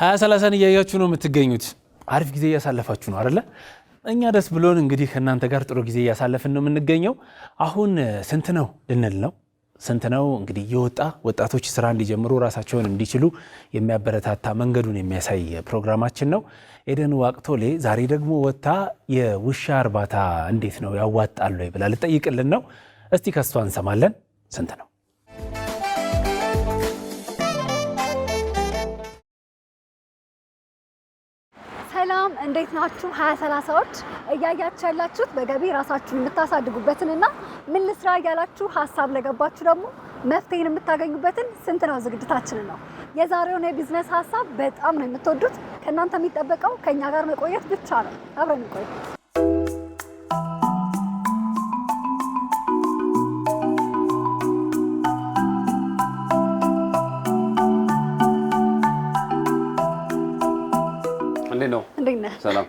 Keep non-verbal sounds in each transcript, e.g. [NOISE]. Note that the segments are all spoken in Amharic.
ሀያ ሰላሳን እያያችሁ ነው የምትገኙት። አሪፍ ጊዜ እያሳለፋችሁ ነው አይደለ? እኛ ደስ ብሎን እንግዲህ ከእናንተ ጋር ጥሩ ጊዜ እያሳለፍን ነው የምንገኘው። አሁን ስንት ነው ልንል ነው ስንት ነው እንግዲህ የወጣ ወጣቶች ስራ እንዲጀምሩ ራሳቸውን እንዲችሉ የሚያበረታታ መንገዱን የሚያሳይ ፕሮግራማችን ነው። ኤደን ዋቅቶሌ ዛሬ ደግሞ ወጥታ የውሻ እርባታ እንዴት ነው ያዋጣሉ ብላ ልጠይቅልን ነው። እስቲ ከሷ እንሰማለን። ስንት ነው ሰላም እንዴት ናችሁ? ሀያ ሰላሳዎች እያያችሁ ያላችሁት በገቢ ራሳችሁን የምታሳድጉበትን እና ምን ልስራ እያላችሁ ሀሳብ ለገባችሁ ደግሞ መፍትሄን የምታገኙበትን ስንት ነው ዝግጅታችንን ነው። የዛሬውን የቢዝነስ ሀሳብ በጣም ነው የምትወዱት። ከእናንተ የሚጠበቀው ከእኛ ጋር መቆየት ብቻ ነው። አብረን እንቆይ። ሰላም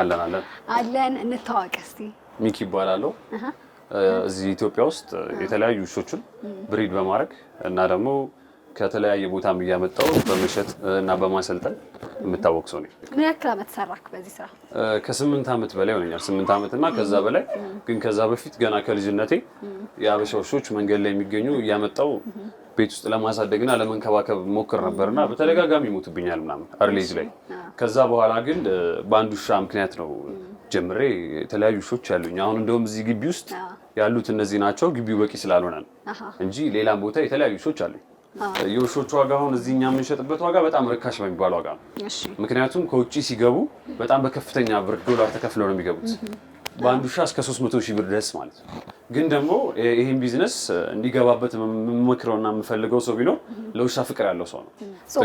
አለን አለን አለን። እንታወቅ እስቲ። ሚኪ ይባላለሁ። እዚህ ኢትዮጵያ ውስጥ የተለያዩ ውሾችን ብሪድ በማድረግ እና ደግሞ ከተለያየ ቦታም እያመጣው በመሸጥ እና በማሰልጠን የምታወቅ ሰው ነኝ። ምን ያክል አመት ሰራክ በዚህ ስራ? ከስምንት ዓመት በላይ ሆነኛል። ስምንት አመት እና ከዛ በላይ ግን ከዛ በፊት ገና ከልጅነቴ የአበሻ ውሾች መንገድ ላይ የሚገኙ እያመጣው ቤት ውስጥ ለማሳደግና ለመንከባከብ ሞክር ነበርና በተደጋጋሚ ይሞቱብኛል ምናምን አርሌጅ ላይ ከዛ በኋላ ግን በአንድ ውሻ ምክንያት ነው ጀምሬ የተለያዩ ውሾች ያሉኝ። አሁን እንደውም እዚህ ግቢ ውስጥ ያሉት እነዚህ ናቸው። ግቢው በቂ ስላልሆነ ነው እንጂ ሌላም ቦታ የተለያዩ ውሾች አሉኝ። የውሾቹ ዋጋ አሁን እዚህ እኛ የምንሸጥበት ዋጋ በጣም ርካሽ በሚባል ዋጋ ነው። ምክንያቱም ከውጭ ሲገቡ በጣም በከፍተኛ ብር ዶላር ተከፍለው ነው የሚገቡት በአንድ ውሻ እስከ 300 ሺህ ብር ድረስ ማለት ነው። ግን ደግሞ ይህን ቢዝነስ እንዲገባበት የምመክረውና የምፈልገው ሰው ቢኖር ለውሻ ፍቅር ያለው ሰው ነው።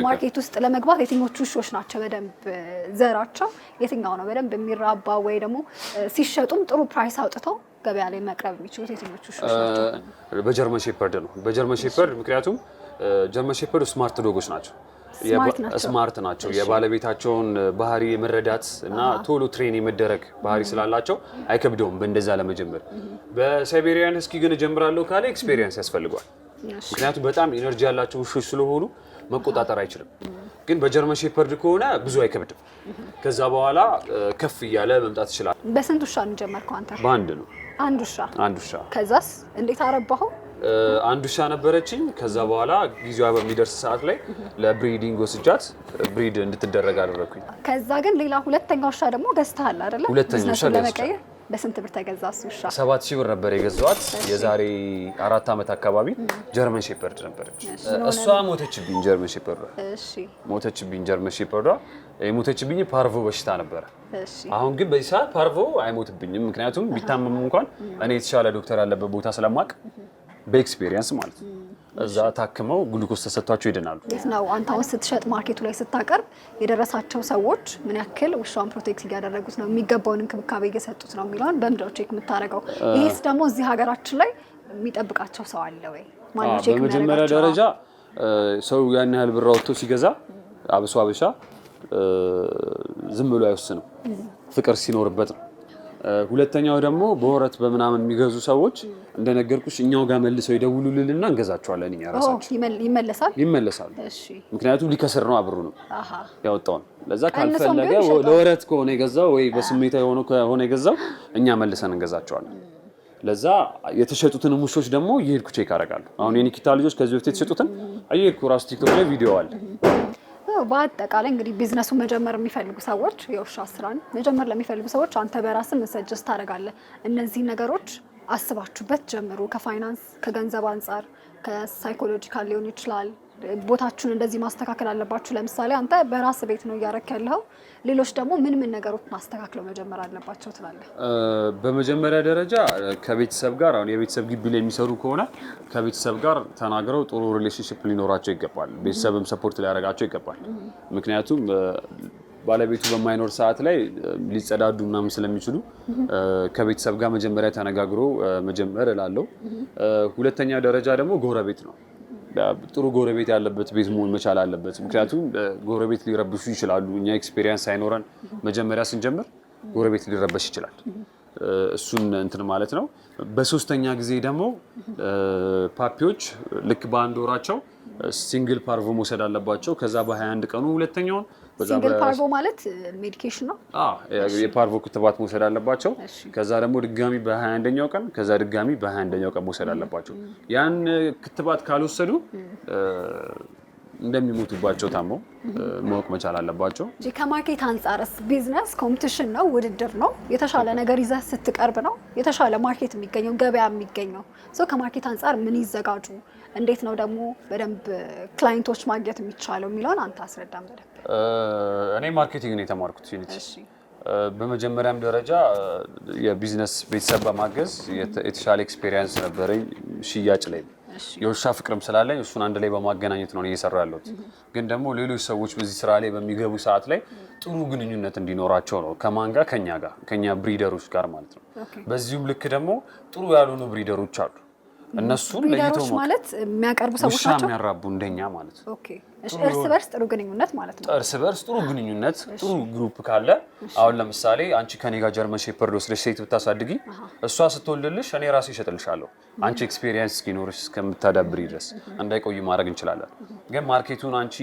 ማርኬት ውስጥ ለመግባት የትኞቹ ውሾች ናቸው በደንብ ዘራቸው የትኛው ነው በደንብ የሚራባ ወይ ደግሞ ሲሸጡም ጥሩ ፕራይስ አውጥተው ገበያ ላይ መቅረብ የሚችሉት የትኞቹ ውሾች ናቸው? በጀርመን ሼፐርድ ነው። በጀርመን ሼፐርድ ምክንያቱም ጀርመን ሼፐርድ ስማርት ዶጎች ናቸው። ስማርት ናቸው። የባለቤታቸውን ባህሪ የመረዳት እና ቶሎ ትሬን የመደረግ ባህሪ ስላላቸው አይከብደውም በእንደዛ ለመጀመር። በሳይቤሪያን እስኪ ግን እጀምራለሁ ካለ ኤክስፔሪየንስ ያስፈልገዋል። ምክንያቱም በጣም ኤነርጂ ያላቸው ውሾች ስለሆኑ መቆጣጠር አይችልም። ግን በጀርመን ሼፐርድ ከሆነ ብዙ አይከብድም። ከዛ በኋላ ከፍ እያለ መምጣት ይችላል። በስንት ውሻ ነው ጀመርከው አንተ? በአንድ ነው። አንድ ውሻ አንድ ውሻ። ከዛስ እንዴት አረባኸው? አንድ ውሻ ነበረችኝ። ከዛ በኋላ ጊዜዋ በሚደርስ ሰዓት ላይ ለብሪዲንግ ወስጃት ብሪድ እንድትደረግ አደረግኩኝ። ከዛ ግን ሌላ ሁለተኛ ውሻ ደግሞ ገዝተሃል አይደለ? ሁለተኛ ውሻ ለመቀየር በስንት ብር ተገዛ እሱ ውሻ? ሰባት ሺህ ብር ነበር የገዛዋት። የዛሬ አራት ዓመት አካባቢ ጀርመን ሼፐርድ ነበረች። እሷ ሞተችብኝ። ጀርመን ሼፐርዷ ሞተችብኝ። ጀርመን ሼፐርዷ የሞተችብኝ ፓርቮ በሽታ ነበረ። አሁን ግን በዚህ ሰዓት ፓርቮ አይሞትብኝም። ምክንያቱም ቢታመም እንኳን እኔ የተሻለ ዶክተር ያለበት ቦታ ስለማቅ በኤክስፔሪየንስ ማለት ነው። እዛ ታክመው ግሉኮስ ተሰጥቷቸው ይድናሉ። የት ነው አንተ አሁን ስትሸጥ ማርኬቱ ላይ ስታቀርብ የደረሳቸው ሰዎች ምን ያክል ውሻውን ፕሮቴክት እያደረጉት ነው፣ የሚገባውን እንክብካቤ እየሰጡት ነው የሚለውን በምንድነው ቼክ የምታደርገው? ይህስ ደግሞ እዚህ ሀገራችን ላይ የሚጠብቃቸው ሰው አለ ወይ? በመጀመሪያ ደረጃ ሰው ያን ያህል ብር አውጥቶ ሲገዛ አብሶ አበሻ ዝም ብሎ አይወስንም፣ ፍቅር ሲኖርበት ነው ሁለተኛው ደግሞ በወረት በምናምን የሚገዙ ሰዎች እንደነገርኩሽ እኛው ጋር መልሰው ይደውሉልንና እንገዛቸዋለን። እኛ ራሳችን ይመለሳል ይመለሳሉ። ምክንያቱም ሊከስር ነው አብሩ ነው ያወጣውን። ለዛ ካልፈለገ ለወረት ከሆነ የገዛው ወይ በስሜታ የሆነ ከሆነ የገዛው እኛ መልሰን እንገዛቸዋለን። ለዛ የተሸጡትን ሙሾች ደግሞ እየሄድኩ ቼክ አደርጋለሁ። አሁን የኒኪታ ልጆች ከዚህ በፊት የተሸጡትን እየሄድኩ ራሱ ቲክቶክ ላይ ቪዲዮ አለ ነው። በአጠቃላይ እንግዲህ ቢዝነሱ መጀመር የሚፈልጉ ሰዎች የውሻ ስራን መጀመር ለሚፈልጉ ሰዎች አንተ በራስ መሰጀስ ሰጀስት ታደርጋለህ? እነዚህ ነገሮች አስባችሁበት ጀምሩ። ከፋይናንስ ከገንዘብ አንጻር ከሳይኮሎጂካል ሊሆን ይችላል ቦታችሁን እንደዚህ ማስተካከል አለባችሁ። ለምሳሌ አንተ በራስ ቤት ነው እያረክ ያለው፣ ሌሎች ደግሞ ምን ምን ነገሮች ማስተካከለው መጀመር አለባቸው ትላለህ? በመጀመሪያ ደረጃ ከቤተሰብ ጋር አሁን የቤተሰብ ግቢ ላይ የሚሰሩ ከሆነ ከቤተሰብ ጋር ተናግረው ጥሩ ሪሌሽንሽፕ ሊኖራቸው ይገባል። ቤተሰብም ሰፖርት ሊያደርጋቸው ይገባል። ምክንያቱም ባለቤቱ በማይኖር ሰዓት ላይ ሊጸዳዱ ምናምን ስለሚችሉ ከቤተሰብ ጋር መጀመሪያ ተነጋግሮ መጀመር እላለሁ። ሁለተኛ ደረጃ ደግሞ ጎረቤት ነው ጥሩ ጎረቤት ያለበት ቤት መሆን መቻል አለበት። ምክንያቱም ጎረቤት ሊረብሹ ይችላሉ። እኛ ኤክስፔሪንስ ሳይኖረን መጀመሪያ ስንጀምር ጎረቤት ሊረበሽ ይችላል። እሱን እንትን ማለት ነው። በሶስተኛ ጊዜ ደግሞ ፓፒዎች ልክ በአንድ ወራቸው ሲንግል ፓርቮ መውሰድ አለባቸው። ከዛ በ21 ቀኑ ሁለተኛውን ሲንግል ፓርቮ ማለት ሜዲኬሽን ነው። የፓርቮ ክትባት መውሰድ አለባቸው። ከዛ ደግሞ ድጋሚ በ21ኛው ቀን ከዛ ድጋሚ በ21ኛው ቀን መውሰድ አለባቸው። ያን ክትባት ካልወሰዱ እንደሚሞቱባቸው ታሞ ማወቅ መቻል አለባቸው። ከማርኬት አንጻርስ ቢዝነስ ኮምፒቲሽን ነው፣ ውድድር ነው። የተሻለ ነገር ይዘህ ስትቀርብ ነው የተሻለ ማርኬት የሚገኘው ገበያ የሚገኘው። ከማርኬት አንጻር ምን ይዘጋጁ፣ እንዴት ነው ደግሞ በደንብ ክላይንቶች ማግኘት የሚቻለው የሚለውን አንተ አስረዳም በደንብ። እኔ ማርኬቲንግ ነው የተማርኩት ዩኒቲ በመጀመሪያም ደረጃ የቢዝነስ ቤተሰብ በማገዝ የተሻለ ኤክስፔሪንስ ነበረኝ ሽያጭ ላይ የውሻ ፍቅርም ስላለኝ እሱን አንድ ላይ በማገናኘት ነው እየሰራ ያለሁት። ግን ደግሞ ሌሎች ሰዎች በዚህ ስራ ላይ በሚገቡ ሰዓት ላይ ጥሩ ግንኙነት እንዲኖራቸው ነው ከማን ጋር? ከኛ ጋር ከኛ ብሪደሮች ጋር ማለት ነው። በዚሁም ልክ ደግሞ ጥሩ ያልሆኑ ብሪደሮች አሉ እነሱ ለይቶ ማለት የሚያቀርቡ ሰዎች ናቸው የሚያራቡ እንደኛ ማለት ኦኬ። እሺ፣ እርስ በርስ ጥሩ ግንኙነት ማለት ነው። እርስ በርስ ጥሩ ግንኙነት፣ ጥሩ ግሩፕ ካለ አሁን ለምሳሌ አንቺ ከኔ ጋር ጀርመን ሼፐርድ ወስደሽ ሴት ብታሳድጊ እሷ ስትወልድልሽ እኔ ራሴ እሸጥልሻለሁ። አንቺ ኤክስፔሪየንስ እስኪኖርሽ እስከምታዳብሪ ድረስ እንዳይቆይ ማድረግ እንችላለን። ግን ማርኬቱን አንቺ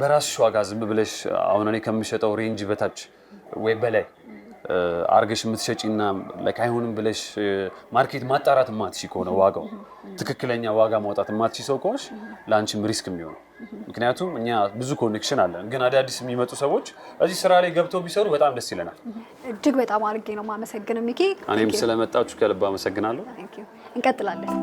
በራስሽ ዋጋ ዝም ብለሽ አሁን እኔ ከምሸጠው ሬንጅ በታች ወይ በላይ አርገሽ የምትሸጪና ላይክ አይሆንም ብለሽ ማርኬት ማጣራት ማትሺ ከሆነ ዋጋው ትክክለኛ ዋጋ ማውጣት ማትሺ ሰው ከሆንሽ ለአንቺም ሪስክ የሚሆነው። ምክንያቱም እኛ ብዙ ኮኔክሽን አለን፣ ግን አዳዲስ የሚመጡ ሰዎች እዚህ ስራ ላይ ገብተው ቢሰሩ በጣም ደስ ይለናል። እጅግ በጣም አድርጌ ነው የማመሰግነው ሚኪ። እኔም ስለመጣችሁ ከልብ አመሰግናለሁ። እንቀጥላለን።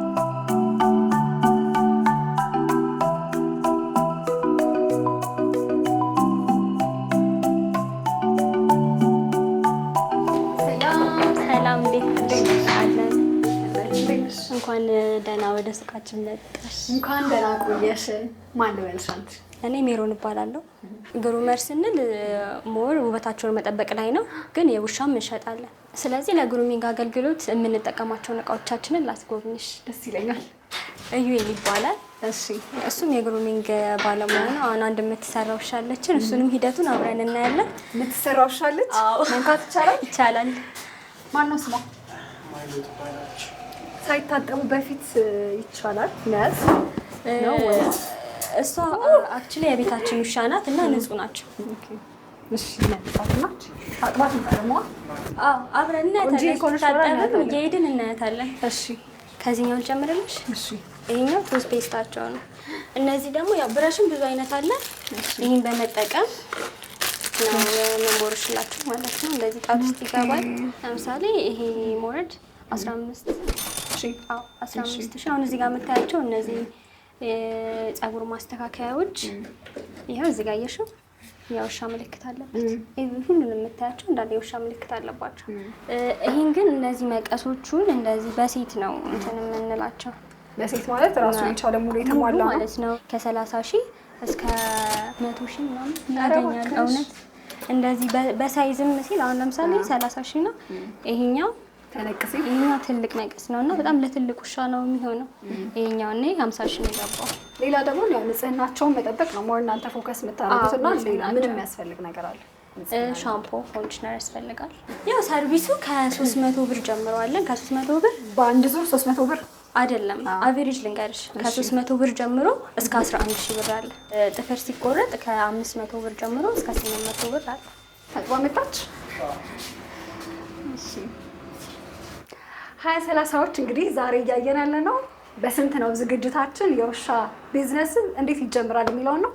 እንኳን ደህና ወደ ሱቃችን መጣሽ። እንኳን ደህና ቆየሽ። ማን ነው ያልሻት? እኔ ሜሮን እባላለሁ። ግሩመር ስንል ሞር ውበታቸውን መጠበቅ ላይ ነው፣ ግን የውሻም እንሸጣለን። ስለዚህ ለግሩሚንግ አገልግሎት የምንጠቀማቸውን እቃዎቻችንን ላስጎብኝሽ። ደስ ይለኛል። እዩ ይባላል። እሺ፣ እሱም የግሩሚንግ ባለሙያ ነው። አሁን አንድ የምትሰራ ውሻ አለችን። እሱንም ሂደቱን አብረን እናያለን። የምትሰራ ውሻ አለች። መንካት ይቻላል? ይቻላል። ማን ነው ይባላል። ሳይታጠቡ በፊት ይቻላል መያዝ ነው። እሷ አክቹሊ የቤታችን ውሻ ናት እና ንጹህ ናቸው። አብረን እናያታለን፣ እየሄድን እናያታለን። ከዚህኛው ልጨምርልሽ። ይሄኛው ቶስት ፔስታቸው ነው። እነዚህ ደግሞ ያው ብረሽም ብዙ አይነት አለ። ይህን በመጠቀም ነው መንቦርሽላችሁ ማለት ነው። እንደዚህ ጣት ውስጥ ይገባል። ለምሳሌ ይሄ ሞረድ አስራ አምስት አስራ አምስት ሺህ አሁን እዚህ ጋር የምታያቸው እነዚህ ጸጉር ማስተካከያዎች ይኸው እዚህ ጋር እየሽው የውሻ ምልክት አለበት። ሁሉንም የምታያቸው እንዳለ የውሻ ምልክት አለባቸው። ይህን ግን እነዚህ መቀሶቹን እንደዚህ በሴት ነው እንትን የምንላቸው በሴት ማለት ራሱ የቻለ ሙሉ የተሟላ ማለት ነው። ከሰላሳ ሺህ እስከ መቶ ሺህ ምናምን ያገኛል። እውነት እንደዚህ በሳይዝም ሲል አሁን ለምሳሌ ሰላሳ ሺህ ነው ይሄኛው ተነቅሴ ይሄኛው ትልቅ ነቀስ ነው እና በጣም ለትልቅ ውሻ ነው የሚሆነው። ይሄኛው እኔ 50 ሺህ የሚገባው። ሌላ ደግሞ ያው ንጽህናቸውን መጠበቅ ነው ሞር እናንተ ፎከስ የምታደርጉት እና ሌላ የሚያስፈልግ ነገር አለ? ሻምፖ ኮንዲሽነር ያስፈልጋል። ያው ሰርቪሱ ከሶስት መቶ ብር ጀምሮ አለን። ብር በአንድ ዙር 300 ብር አይደለም፣ አቬሬጅ ልንገርሽ ከ መቶ ብር ጀምሮ እስከ 11 ሺህ ብር አለ። ጥፍር ሲቆረጥ ከ መቶ ብር ጀምሮ እስከ መቶ ብር አለ። ተቋመጣች። እሺ ሀያ ሰላሳዎች እንግዲህ ዛሬ እያየን ያለ ነው። በስንት ነው ዝግጅታችን የውሻ ቢዝነስን እንዴት ይጀምራል የሚለውን ነው።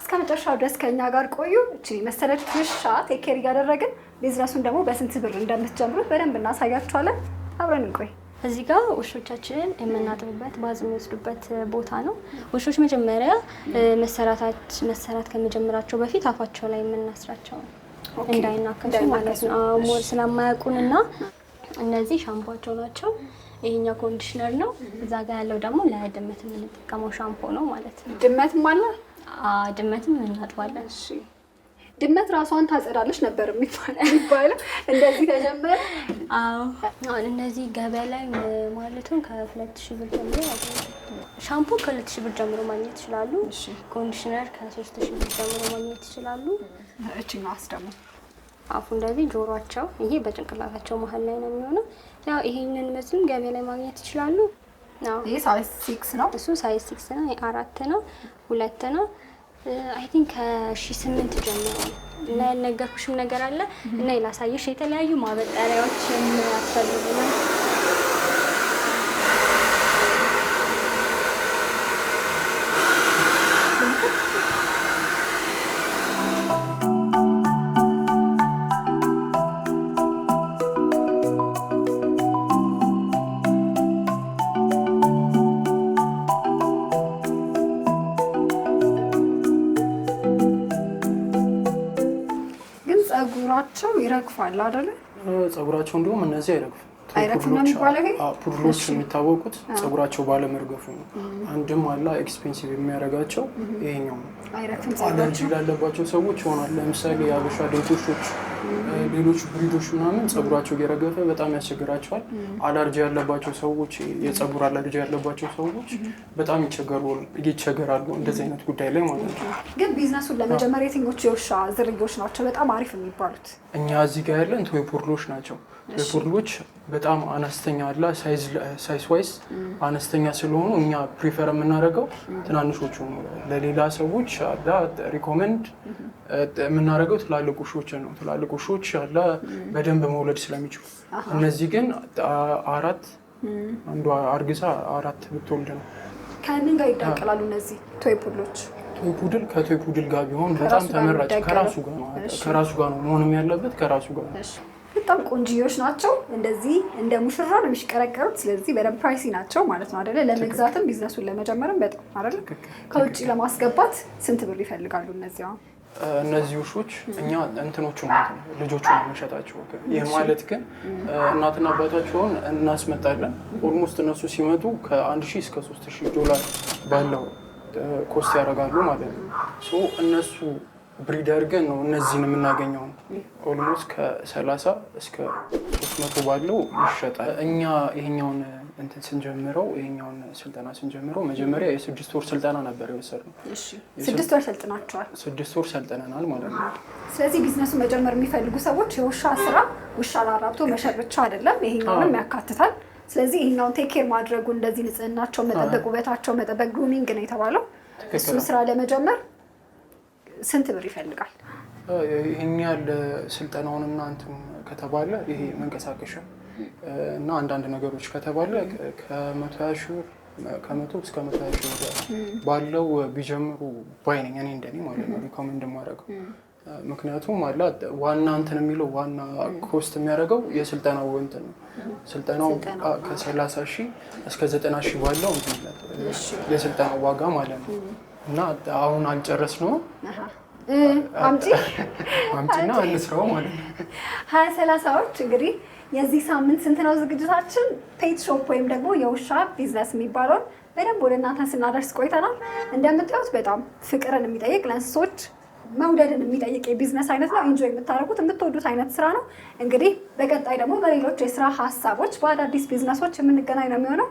እስከ መጨረሻው ድረስ ከእኛ ጋር ቆዩ። እቺ መሰለች ውሻ ቴኬር እያደረግን ቢዝነሱን ደግሞ በስንት ብር እንደምትጀምሩት በደንብ እናሳያችኋለን። አብረን እንቆይ። እዚህ ጋር ውሾቻችንን የምናጥብበት ባዝ የሚወስዱበት ቦታ ነው። ውሾች መጀመሪያ መሰራት ከመጀመራቸው በፊት አፋቸው ላይ የምናስራቸው እንዳይናከሱ ማለት ነው። ሞር ስለማያውቁን እና እነዚህ ሻምፖቸው ናቸው። ይሄኛው ኮንዲሽነር ነው። እዛ ጋር ያለው ደግሞ ለድመት የምንጠቀመው ሻምፖ ነው ማለት ነው። ድመትም አለ። ድመትም እናጥባለን። ድመት ራሷን ታጸዳለች ነበር የሚባለው። [LAUGHS] እንደዚህ ተጀመረ። አሁን እነዚህ ገበያ ላይ ማለቱን ከሁለት ሺህ ብር ጀምሮ ሻምፖ ከሁለት ሺህ ብር ጀምሮ ማግኘት ይችላሉ። ኮንዲሽነር ከሶስት ሺህ ብር ጀምሮ ማግኘት ይችላሉ። እችኛ አስደሙ አፉ እንደዚህ ጆሯቸው፣ ይሄ በጭንቅላታቸው መሀል ላይ ነው የሚሆነው። ያው ይሄንን መስልም ገበያ ላይ ማግኘት ይችላሉ። ይሄ ሳይዝ ሲክስ ነው፣ እሱ ሳይዝ ሲክስ ነው። አራት ነው፣ ሁለት ነው። አይ ቲንክ ከሺ ስምንት ጀምሮ እና ያልነገርኩሽም ነገር አለ እና ላሳየሽ የተለያዩ ማበጠሪያዎች የሚያስፈልጉ ነው ጸጉራቸው ይረግፋል አይደለ? ጸጉራቸው እንዲሁም እነዚህ አይረግፉም አይረግፍም ፑድሎች የሚታወቁት ጸጉራቸው ባለመርገፉ ነው። አንድም አላ ኤክስፔንሲቭ የሚያደርጋቸው ይሄኛው ነው። አለርጂ ላለባቸው ሰዎች ይሆናል። ለምሳሌ የአበሻ ድንቆሾች ሌሎች ብሪዶች ምናምን ጸጉራቸው እየረገፈ በጣም ያስቸግራቸዋል። አለርጂ ያለባቸው ሰዎች የጸጉር አለርጂ ያለባቸው ሰዎች በጣም ይቸገራሉ፣ እንደዚህ አይነት ጉዳይ ላይ ማለት ነው። ግን ቢዝነሱን ለመጀመር የትኞቹ የውሻ ዝርያዎች ናቸው በጣም አሪፍ የሚባሉት? እኛ እዚህ ጋር ያለን ቶይ ናቸው። ቶይ በጣም አነስተኛ አለ ሳይዝ ዋይዝ አነስተኛ ስለሆኑ እኛ ፕሪፈር የምናደርገው ትናንሾቹ ለሌላ ሰዎች አላ ሪኮመንድ የምናደርገው ትላልቅ ውሾችን ነው። ውሾች ያለ በደንብ መውለድ ስለሚችሉ እነዚህ ግን አራት አንዷ አርግዛ አራት ብትወልድ ነው። ከምን ጋር ይዳቀላሉ እነዚህ ቶይ ፑድሎች? ቶይ ፑድል ከቶይ ፑድል ጋር ቢሆን በጣም ተመራጭ። ከራሱ ከራሱ ጋር ነው መሆንም ያለበት ከራሱ ጋር ነው። በጣም ቆንጅዮች ናቸው። እንደዚህ እንደ ሙሽራ ነው የሚሽቀረቀሩት። ስለዚህ በደንብ ፕራይሲ ናቸው ማለት ነው አደለ? ለመግዛትም ቢዝነሱን ለመጀመርም በጣም አደለ? ከውጭ ለማስገባት ስንት ብር ይፈልጋሉ እነዚያ? እነዚህ ውሾች እኛ እንትኖቹ ማለት ነው ልጆቹ ነው የምንሸጣቸው። ይህ ማለት ግን እናትና አባታቸውን እናስመጣለን። ኦልሞስት እነሱ ሲመጡ ከአንድ ሺህ እስከ ሶስት ሺህ ዶላር ባለው ኮስት ያደርጋሉ ማለት ነው። እነሱ ብሪድ አድርገን ነው እነዚህን የምናገኘው። ኦልሞስት ከሰላሳ እስከ ሶስት መቶ ባለው ይሸጣል። እኛ ይሄኛውን እንትን ስንጀምረው ይሄኛውን ስልጠና ስንጀምረው መጀመሪያ የስድስት ወር ስልጠና ነበር የወሰድነው። ስድስት ወር ሰልጥናቸዋል። ስድስት ወር ሰልጥነናል ማለት ነው። ስለዚህ ቢዝነሱን መጀመር የሚፈልጉ ሰዎች የውሻ ስራ ውሻ ላራብቶ መሸጥ ብቻ አይደለም፣ ይሄኛውንም ያካትታል። ስለዚህ ይሄኛውን ቴክ ኬር ማድረጉ እንደዚህ ንጽህናቸው መጠበቅ፣ ውበታቸው መጠበቅ ግሩሚንግ ነው የተባለው። እሱን ስራ ለመጀመር ስንት ብር ይፈልጋል? ይሄኛል ስልጠናውንና እንትን ከተባለ ይሄ መንቀሳቀሻ እና አንዳንድ ነገሮች ከተባለ ከመቶ ከመቶ እስከ መቶ ሀያ ሺህ ባለው ቢጀምሩ ባይ ነኝ እኔ እንደኔ ማለት ነው ሪኮመንድ የማደርገው። ምክንያቱም አለ ዋና እንትን የሚለው ዋና ኮስት የሚያደርገው የስልጠናው እንትን ነው። ስልጠናው ከሰላሳ ሺህ እስከ ዘጠና ሺህ ባለው እንትን የስልጠናው ዋጋ ማለት ነው እና አሁን አልጨረስ ነው አምጪ አምጪና እንስራው ማለት ነው። ሀያ ሰላሳዎች እንግዲህ የዚህ ሳምንት ስንት ነው ዝግጅታችን? ፔት ሾፕ ወይም ደግሞ የውሻ ቢዝነስ የሚባለውን በደንብ ወደ እናንተ ስናደርስ ቆይተናል። እንደምታዩት በጣም ፍቅርን የሚጠይቅ ለእንስሶች መውደድን የሚጠይቅ የቢዝነስ አይነት ነው። ኢንጆይ የምታደርጉት የምትወዱት አይነት ስራ ነው። እንግዲህ በቀጣይ ደግሞ በሌሎች የስራ ሀሳቦች በአዳዲስ ቢዝነሶች የምንገናኝ ነው የሚሆነው።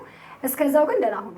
እስከዛው ግን ደህና ሁኑ።